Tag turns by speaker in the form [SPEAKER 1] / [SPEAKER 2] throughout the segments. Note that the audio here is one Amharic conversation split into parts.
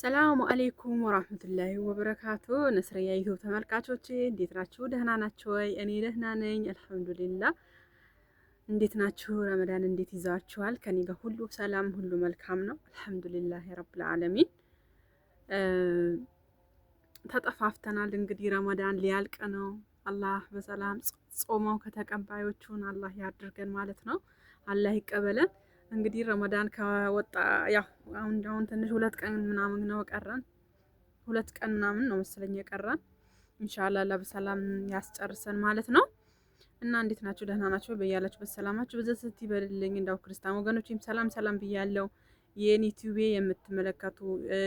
[SPEAKER 1] ሰላሙ አሌይኩም ወራህመቱላሂ ወበረካቱ። ነስረያ ይሁ ተመልካቾች እንዴት ናችሁ? ደህና ናችሁ ወይ? እኔ ደህና ነኝ አልሐምዱሊላ። እንዴት ናችሁ? ረመዳን እንዴት ይዛችኋል? ከኔ ጋር ሁሉ ሰላም፣ ሁሉ መልካም ነው አልሐምዱሊላህ ረብል ዓለሚን። ተጠፋፍተናል እንግዲህ ረመዳን ሊያልቅ ነው። አላህ በሰላም ጾመው ከተቀባዮቹን አላህ ያድርገን ማለት ነው። አላህ ይቀበለን። እንግዲህ ረመዳን ከወጣ ያው አሁን አሁን ትንሽ ሁለት ቀን ምናምን ነው ቀረን፣ ሁለት ቀን ምናምን ነው መሰለኝ የቀረን። ኢንሻአላህ ለበሰላም ያስጨርሰን ማለት ነው። እና እንዴት ናችሁ? ደህና ናችሁ? በያላችሁበት በሰላማችሁ በዘት ስቲ በልልኝ። እንዳው ክርስቲያን ወገኖችም ሰላም ሰላም ብያለሁ። የኔ ዩቲዩብ የምትመለከቱ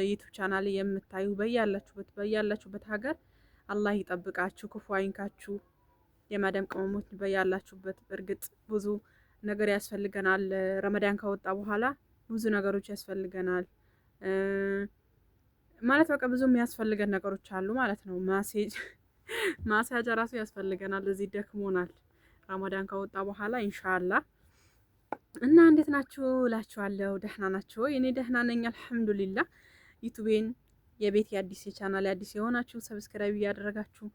[SPEAKER 1] ዩቲዩብ ቻናል የምታዩ በያላችሁበት በያላችሁበት ሀገር አላህ ይጠብቃችሁ፣ ክፉ አይንካችሁ። የማዳም ቅመሞች በያላችሁበት እርግጥ ብዙ ነገር ያስፈልገናል። ረመዳን ከወጣ በኋላ ብዙ ነገሮች ያስፈልገናል ማለት በቃ ብዙ የሚያስፈልገን ነገሮች አሉ ማለት ነው። ማሴጅ ማሳጅ ራሱ ያስፈልገናል። እዚህ ደክሞናል። ረመዳን ከወጣ በኋላ ኢንሻአላ እና እንዴት ናችሁ እላችኋለሁ። ደህና ናችሁ? እኔ ደህና ነኝ አልሐምዱሊላ። ዩቱቤን የቤት የአዲስ የቻናል አዲስ የሆናችሁ ሰብስክራይብ እያደረጋችሁ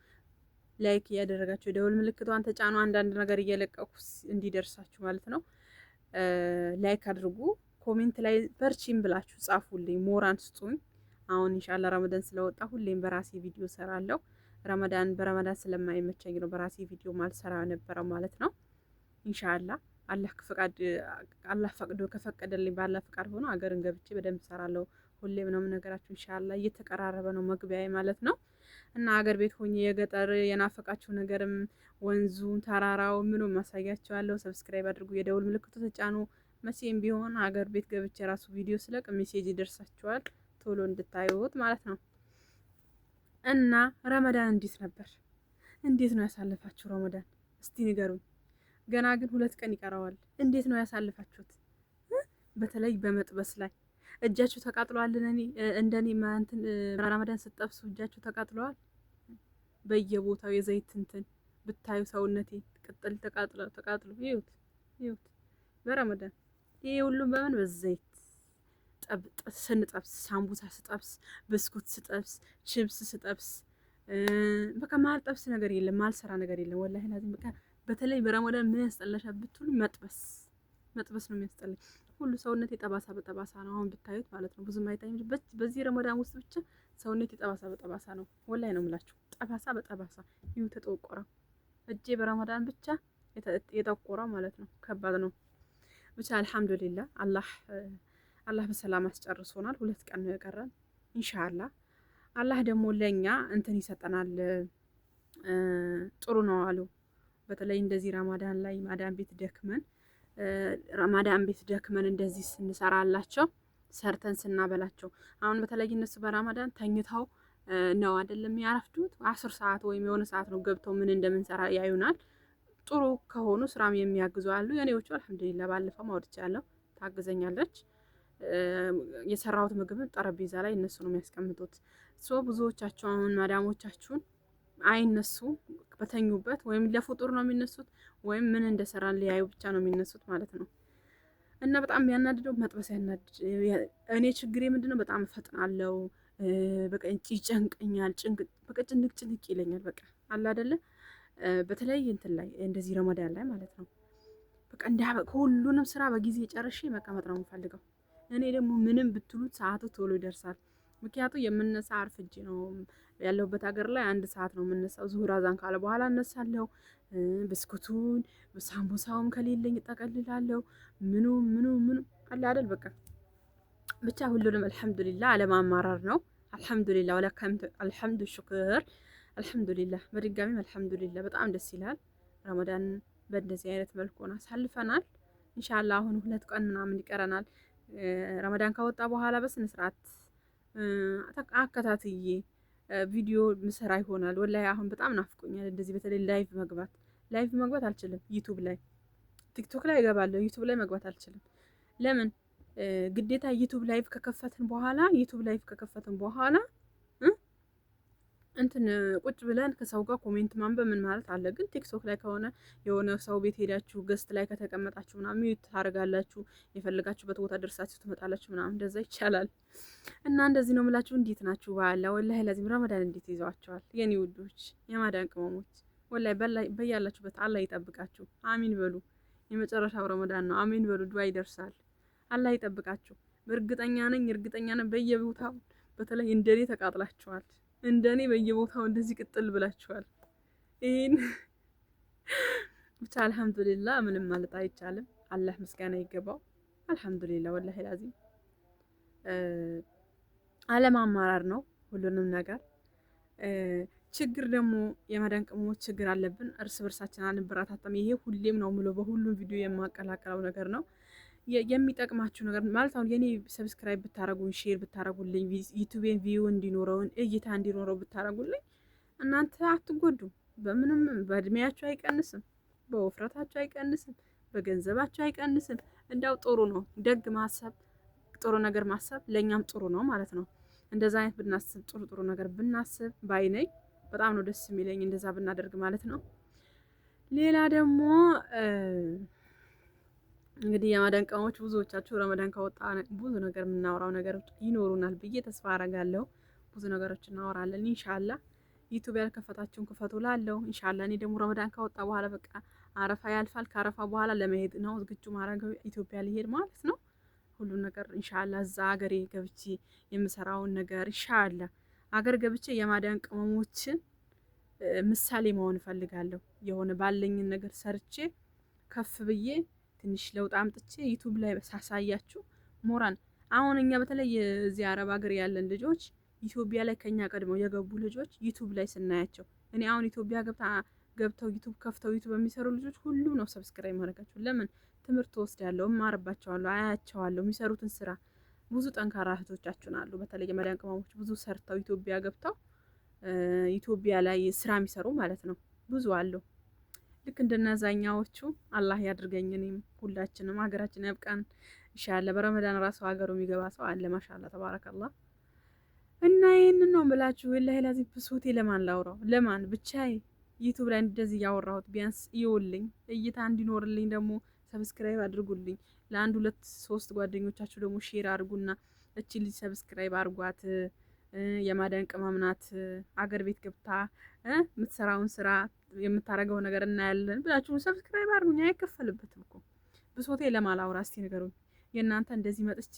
[SPEAKER 1] ላይክ እያደረጋችሁ የደውል ምልክቷን ተጫኑ። አንዳንድ ነገር እየለቀኩ እንዲደርሳችሁ ማለት ነው። ላይክ አድርጉ። ኮሜንት ላይ በርቺም ብላችሁ ጻፉልኝ፣ ሞራን ስጡኝ። አሁን እንሻላ ረመዳን ስለወጣ ሁሌም በራሴ ቪዲዮ ሰራለሁ። ረመዳን በረመዳን ስለማይመቸኝ ነው በራሴ ቪዲዮ ማልሰራ ነበረ ማለት ነው። እንሻላ አላህ ከፈቃድ አላህ ፈቅዶ ከፈቀደልኝ ባላ ፈቃድ ሆኖ አገርን ገብቼ በደንብ ሰራለሁ። ሁሌም ነው የምነግራችሁ። እንሻላ እየተቀራረበ ነው መግቢያዬ ማለት ነው። እና አገር ቤት ሆኜ የገጠር የናፈቃቸው ነገርም ወንዙ፣ ተራራው፣ ምኑ ማሳያቸዋለሁ። ሰብስክራይብ አድርጉ፣ የደውል ምልክቱ ተጫኑ። መቼም ቢሆን አገር ቤት ገብቼ የራሱ ቪዲዮ ስለቅ ሜሴጅ ይደርሳችኋል ቶሎ እንድታዩት ማለት ነው። እና ረመዳን እንዴት ነበር? እንዴት ነው ያሳለፋችሁ ረመዳን? እስቲ ንገሩኝ። ገና ግን ሁለት ቀን ይቀረዋል። እንዴት ነው ያሳልፋችሁት? በተለይ በመጥበስ ላይ እጃችሁ ተቃጥሏል? እንደኔ ረመዳን ስትጠብሱ እጃችሁ ተቃጥለዋል? በየቦታው የዘይት እንትን ብታዩ ሰውነቴ ቅጠል ተቃጥሎ ተቃጥሎ ይሁት ይሁት በረመዳን ይሄ ሁሉም በምን በዘይት ጠብጥ ስንጠብስ ሳምቡሳ ስጠብስ ብስኩት ስጠብስ ቺፕስ ስጠብስ በቃ ማልጠብስ ነገር የለም ማልሰራ ነገር የለም። ወላሂ ላዚም በቃ በተለይ በረመዳን ምን ያስጠላሻ ብትሉ መጥበስ መጥበስ ነው የሚያስጠላኝ። ሁሉ ሰውነቴ የጠባሳ በጠባሳ ነው አሁን ብታዩት ማለት ነው። ብዙም አይታይም። በዚህ ረመዳን ውስጥ ብቻ ሰውነቴ የጠባሳ በጠባሳ ነው። ወላሂ ነው የምላችሁ። ጠባሳ በጠባሳ ይሁ ተጠቆረ። እጄ በረመዳን ብቻ የጠቆረው ማለት ነው። ከባድ ነው። ብቻ አልሐምዱሊላ አላህ አላህ በሰላም አስጨርሶናል። ሁለት ቀን ነው የቀረን ኢንሻአላ። አላህ ደግሞ ለኛ እንትን ይሰጠናል። ጥሩ ነው አሉ። በተለይ እንደዚህ ረማዳን ላይ ማዳን ቤት ደክመን ረማዳን ቤት ደክመን እንደዚህ ስንሰራላቸው ሰርተን ስናበላቸው አሁን በተለይ እነሱ በረመዳን ተኝተው ነው አይደለም የሚያረፍዱት። አስር ሰዓት ወይም የሆነ ሰዓት ነው ገብተው ምን እንደምንሰራ ያዩናል። ጥሩ ከሆኑ ስራም የሚያግዙ አሉ። የኔዎቹ አልሐምዱሊላ ባለፈው አውርቻለሁ፣ ታግዘኛለች። የሰራሁት ምግብ ጠረጴዛ ላይ እነሱ ነው የሚያስቀምጡት። ሶ ብዙዎቻቸው አሁን ማዳሞቻችሁን አይነሱ በተኙበት ወይም ለፍጡር ነው የሚነሱት ወይም ምን እንደሰራ ሊያዩ ብቻ ነው የሚነሱት ማለት ነው። እና በጣም የሚያናድደው መጥበስ ያናድ እኔ ችግሬ ምንድነው በጣም እፈጥናለሁ። በቃ ይጨንቀኛል፣ ጭንቅ በቃ ጭንቅ ጭንቅ ይለኛል። በቃ አለ አይደለ በተለይ እንትን ላይ እንደዚህ ረመዳን ላይ ማለት ነው። በቃ እንደ ሁሉንም ስራ በጊዜ ጨርሼ መቀመጥ ነው የምፈልገው። እኔ ደግሞ ምንም ብትሉት ሰዓቱ ቶሎ ይደርሳል። ምክንያቱ የምነሳ አርፍጄ ነው ያለሁበት ሀገር ላይ አንድ ሰዓት ነው የምነሳው። ዙሁር አዛን ካለ በኋላ እነሳለሁ። ብስኩቱን ሳምቡሳውም ከሌለኝ እጠቀልላለሁ። ምኑ ምኑ ምኑ አለ አይደል በቃ ብቻ ሁሉንም አልሐምዱሊላ አለማማራር ነው። አልሐምዱሊላ ወላከምቱ አልሐምዱ ሹክር አልሐምዱሊላህ በድጋሚም አልሐምዱሊላህ በጣም ደስ ይላል። ረመዳን በእንደዚህ አይነት መልኩ አሳልፈናል። እንሻላ አሁን ሁለት ቀን ምናምን ይቀረናል። ረመዳን ከወጣ በኋላ በስነ ስርዓት አከታትዬ ቪዲዮ ምሰራ ይሆናል። ወላይ አሁን በጣም ናፍቆኛል። እንደዚህ በተለይ ላይቭ መግባት ላይቭ መግባት አልችልም። ዩቱብ ላይ ቲክቶክ ላይ እገባለሁ። ዩቱብ ላይ መግባት አልችልም። ለምን ግዴታ ዩቱብ ላይቭ ከከፈትን በኋላ ዩቱብ ላይቭ ከከፈትን በኋላ እንትን ቁጭ ብለን ከሰው ጋር ኮሜንት ማንበብ ምን ማለት አለ? ግን ቲክቶክ ላይ ከሆነ የሆነ ሰው ቤት ሄዳችሁ ገስት ላይ ከተቀመጣችሁ ምናምን ሚዩት ታደርጋላችሁ፣ የፈለጋችሁበት ቦታ ደርሳችሁ ትመጣላችሁ ምናምን እንደዛ ይቻላል። እና እንደዚህ ነው የምላችሁ። እንዴት ናችሁ? ባላ ወላሂ ለዚህም ረመዳን እንዴት ይዘዋቸዋል የኔ ውዶች፣ የማዳን ቅመሞች ወላሂ በያላችሁበት አላህ ይጠብቃችሁ። አሚን በሉ። የመጨረሻው ረመዳን ነው። አሚን በሉ። ዱዓ ይደርሳል። አላህ ይጠብቃችሁ። እርግጠኛ ነኝ እርግጠኛ ነኝ በየቦታው በተለይ እንደኔ ተቃጥላችኋል። እንደኔ በየቦታው እንደዚህ ቅጥል ብላችኋል። ይሄን ብቻ አልሐምዱሊላህ ምንም ማለት አይቻልም። አላህ ምስጋና ይገባው። አልሐምዱሊላህ ወላሂ ላዚም አለማማራር ነው ሁሉንም ነገር። ችግር ደግሞ የመዳን ቅመሞች ችግር አለብን። እርስ በርሳችን አንበረታታም። ይሄ ሁሌም ነው ምሎ በሁሉም ቪዲዮ የማቀላቀለው ነገር ነው። የሚጠቅማችሁ ነገር ማለት አሁን የኔ ሰብስክራይብ ብታረጉን፣ ሼር ብታረጉልኝ፣ ዩቱቤን ቪዩ እንዲኖረውን እይታ እንዲኖረው ብታረጉልኝ እናንተ አትጎዱም። በምንም በእድሜያቸው አይቀንስም፣ በውፍረታቸው አይቀንስም፣ በገንዘባቸው አይቀንስም። እንዳው ጥሩ ነው። ደግ ማሰብ፣ ጥሩ ነገር ማሰብ ለእኛም ጥሩ ነው ማለት ነው። እንደዛ አይነት ብናስብ፣ ጥሩ ጥሩ ነገር ብናስብ ባይነኝ በጣም ነው ደስ የሚለኝ እንደዛ ብናደርግ ማለት ነው። ሌላ ደግሞ እንግዲህ የማዳን ቅመሞች ብዙዎቻችሁ ረመዳን ከወጣ ብዙ ነገር የምናወራው ነገር ይኖሩናል ብዬ ተስፋ አረጋለሁ። ብዙ ነገሮች እናወራለን ኢንሻላ። ዩቱብ ያልከፈታችሁን ክፈቱ ላለው ኢንሻላ። እኔ ደግሞ ረመዳን ከወጣ በኋላ በቃ አረፋ ያልፋል። ከአረፋ በኋላ ለመሄድ ነው ዝግጁ ማድረገው ኢትዮጵያ ሊሄድ ማለት ነው። ሁሉ ነገር ኢንሻላ እዛ ሀገሬ ገብቼ የምሰራውን ነገር ኢንሻላ አገር ገብቼ የማዳን ቅመሞችን ምሳሌ መሆን እፈልጋለሁ። የሆነ ባለኝን ነገር ሰርቼ ከፍ ብዬ ትንሽ ለውጥ አምጥቼ ዩቱብ ላይ ሳሳያችሁ ሞራን አሁን እኛ በተለይ እዚህ አረብ ሀገር ያለን ልጆች ኢትዮጵያ ላይ ከኛ ቀድመው የገቡ ልጆች ዩቱብ ላይ ስናያቸው እኔ አሁን ኢትዮጵያ ገብታ ገብተው ዩቱብ ከፍተው ዩቱብ የሚሰሩ ልጆች ሁሉ ነው ሰብስክራይብ ማድረጋቸው። ለምን ትምህርት ወስዳለሁ፣ እማርባቸዋለሁ፣ አያቸዋለሁ የሚሰሩትን ስራ። ብዙ ጠንካራ እህቶቻችን አሉ፣ በተለይ የመዳን ቅመሞች ብዙ ሰርተው ኢትዮጵያ ገብተው ኢትዮጵያ ላይ ስራ የሚሰሩ ማለት ነው ብዙ አሉ። ልክ እንደነዛኛዎቹ አላህ ያድርገኝ። እኔም ሁላችንም ሀገራችን ያብቃን ይሻለ። በረመዳን ራሱ ሀገሩ የሚገባ ሰው አለ። ማሻላ ተባረከላ። እና ይህንን ነው ብላችሁ ወላሂ ላዚም ብሶቴ ለማን ላውራው? ለማን ብቻዬ ዩቱብ ላይ እንደዚህ ያወራሁት ቢያንስ ይውልኝ እይታ እንዲኖርልኝ ደግሞ ሰብስክራይብ አድርጉልኝ። ለአንድ ሁለት ሶስት ጓደኞቻችሁ ደግሞ ሼር አድርጉና እቺ ልጅ ሰብስክራይብ አድርጓት። የማዳን ቅመምናት አገር ቤት ገብታ የምትሰራውን ስራ የምታደርገው ነገር እናያለን ብላችሁ ሰብስክራይብ አድርጉኝ። አይከፈልበትም እኮ ብሶቴ ለማላውራ እስቲ ንገሩኝ። የእናንተ እንደዚህ መጥቼ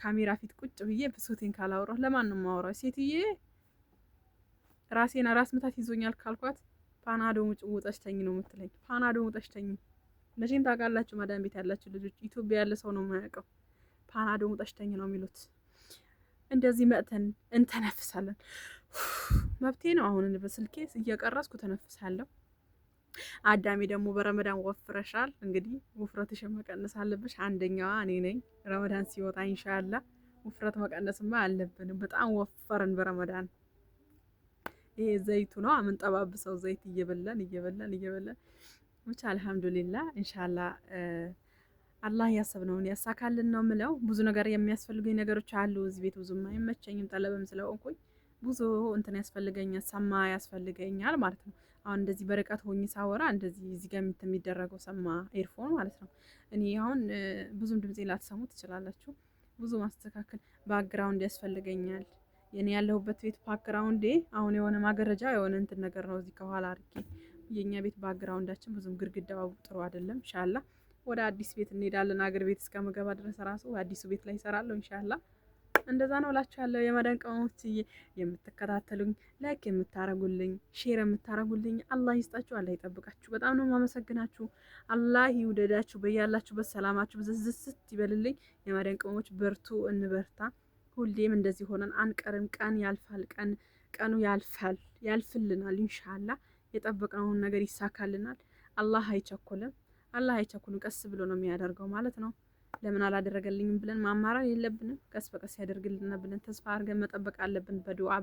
[SPEAKER 1] ካሜራ ፊት ቁጭ ብዬ ብሶቴን ካላውራ ለማን ነው የማወራው? ሴትዬ ራሴን ራስ ምታት ይዞኛል ካልኳት ፓናዶ ውጠሽ ተኝ ነው የምትለኝ። ፓናዶ ውጠሽ ተኝ መቼም ታውቃላችሁ፣ ማዳም ቤት ያላችሁ ልጆች፣ ኢትዮጵያ ያለ ሰው ነው የማያውቀው። ፓናዶ ውጠሽ ተኝ ነው የሚሉት። እንደዚህ መጥተን እንተነፍሳለን። መብቴ ነው። አሁን በስልኬ እየቀረስኩ ተነፍሳለሁ። አዳሜ ደግሞ በረመዳን ወፍረሻል፣ እንግዲህ ውፍረትሽን መቀነስ አለብሽ። አንደኛዋ እኔ ነኝ። ረመዳን ሲወጣ ኢንሻአላ ውፍረት መቀነስማ አለብንም። በጣም ወፈርን በረመዳን። ይሄ ዘይቱ ነው የምንጠባብሰው ዘይት እየበላን እየበላን እየበላን ብቻ አልሐምዱሊላ ኢንሻአላ አላህ ያሰብነውን ያሳካልን ነው ምለው። ብዙ ነገር የሚያስፈልጉኝ ነገሮች አሉ እዚህ ቤት ብዙም አይመቸኝም፣ ጠለብም ስለሆንኩኝ ብዙ እንትን ያስፈልገኛል፣ ሰማ ያስፈልገኛል ማለት ነው። አሁን እንደዚህ በርቀት ሆኜ ሳወራ እንደዚህ እዚህ ጋር የሚደረገው ሰማ ኤርፎን ማለት ነው። እኔ አሁን ብዙም ድምፄ ላትሰሙ ትችላላችሁ። ብዙ ማስተካከል ባክግራውንድ ያስፈልገኛል። የኔ ያለሁበት ቤት ባክግራውንዴ አሁን የሆነ ማገረጃ የሆነ እንትን ነገር ነው እዚህ ከኋላ አርጌ የእኛ ቤት ባክግራውንዳችን ብዙም ግድግዳው ጥሩ አይደለም። እንሻላ ወደ አዲስ ቤት እንሄዳለን። አገር ቤት እስከምገባ ድረስ ራሱ አዲሱ ቤት ላይ ይሰራለሁ ኢንሻላ እንደዛ ነው እላችሁ ያለው የማዳን ቅመሞች የምትከታተሉኝ፣ ላይክ የምታረጉልኝ፣ ሼር የምታረጉልኝ አላህ ይስጣችሁ፣ አላህ ይጠብቃችሁ። በጣም ነው የማመሰግናችሁ። አላህ ይውደዳችሁ። በያላችሁበት ሰላማችሁ ብዝዝስት ይበልልኝ። የማዳን ቅመሞች በርቱ፣ እንበርታ። ሁሌም እንደዚህ ሆነን አንቀርም። ቀን ያልፋል፣ ቀን ቀኑ ያልፋል፣ ያልፍልናል። ኢንሻአላ የጠበቅነውን ነገር ይሳካልናል። አላህ አይቸኩልም፣ አላህ አይቸኩልም። ቀስ ብሎ ነው የሚያደርገው ማለት ነው። ለምን አላደረገልኝም ብለን ማማራር የለብንም። ቀስ በቀስ ያደርግልና ብለን ተስፋ አድርገን መጠበቅ አለብን። በዱዓ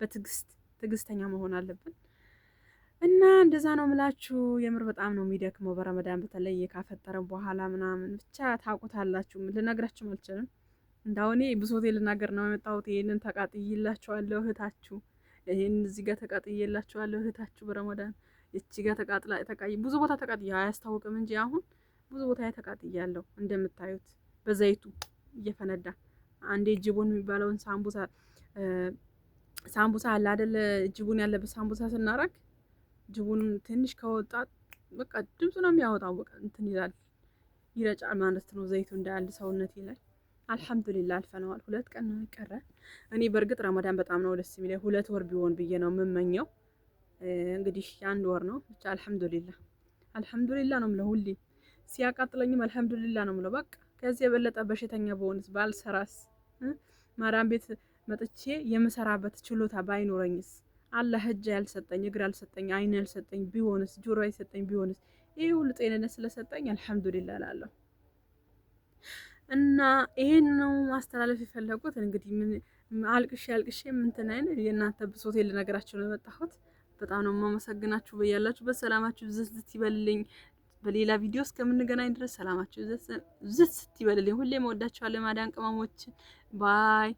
[SPEAKER 1] በትግስት ትግስተኛ መሆን አለብን እና እንደዛ ነው ምላችሁ። የምር በጣም ነው የሚደክመው በረመዳን በተለይ ካፈጠረ በኋላ ምናምን ብቻ ታውቁታላችሁ። ልነግራችሁም አልችልም። እንዳው እኔ ብሶቴ ልናገር ነው የመጣሁት። ይህንን ተቃጥዬላችኋለሁ እህታችሁ፣ ይህን እዚህ ጋር ተቃጥዬላችኋለሁ እህታችሁ። በረመዳን እቺ ጋር ተቃጥላ ተቃይ ብዙ ቦታ ተቃጥያ አያስታውቅም እንጂ አሁን ብዙ ቦታ ላይ ተቃጥያለሁ። እንደምታዩት በዘይቱ እየፈነዳ አንዴ ጅቡን የሚባለውን ሳምቡሳ ሳምቡሳ አለ አይደለ? ጅቡን ያለበት ሳምቡሳ ስናረግ ጅቡን ትንሽ ከወጣ በቃ ድምፁ ነው የሚያወጣው። በቃ እንትን ይላል ይረጫል ማለት ነው ዘይቱ እንዳለ ሰውነት ይላል። አልሐምዱሊላ አልፈነዋል። ሁለት ቀን ነው የቀረ። እኔ በእርግጥ ረመዳን በጣም ነው ደስ የሚለኝ። ሁለት ወር ቢሆን ብዬ ነው የምመኘው። እንግዲህ አንድ ወር ነው ብቻ። አልሐምዱሊላ አልሐምዱሊላ ነው የምለው ሁሌ ሲያቃጥለኝም አልሐምዱሊላ ነው ምለው። በቃ ከዚህ የበለጠ በሽተኛ በሆንስ ባልሰራስ፣ ማርያም ቤት መጥቼ የምሰራበት ችሎታ ባይኖረኝስ፣ አላህ እጅ ያልሰጠኝ እግር ያልሰጠኝ አይን ያልሰጠኝ ቢሆንስ፣ ጆሮ ያልሰጠኝ ቢሆንስ፣ ይህ ሁሉ ጤንነት ስለሰጠኝ አልሐምዱሊላ እላለሁ። እና ይሄን ነው ማስተላለፍ የፈለጉት። እንግዲህ ምን አልቅሽ አልቅሽ ምንትን አይነ የእናንተ ብሶቴ ልነገራችሁ ነው የመጣሁት። በጣም ነው የማመሰግናችሁ። በያላችሁ በሰላማችሁ ዝዝት ይበልልኝ። በሌላ ቪዲዮ እስከምንገናኝ ድረስ ሰላማችሁ ዝት ይበልልኝ። ሁሌ መወዳችኋለሁ። ማዳን ቅመሞችን ባይ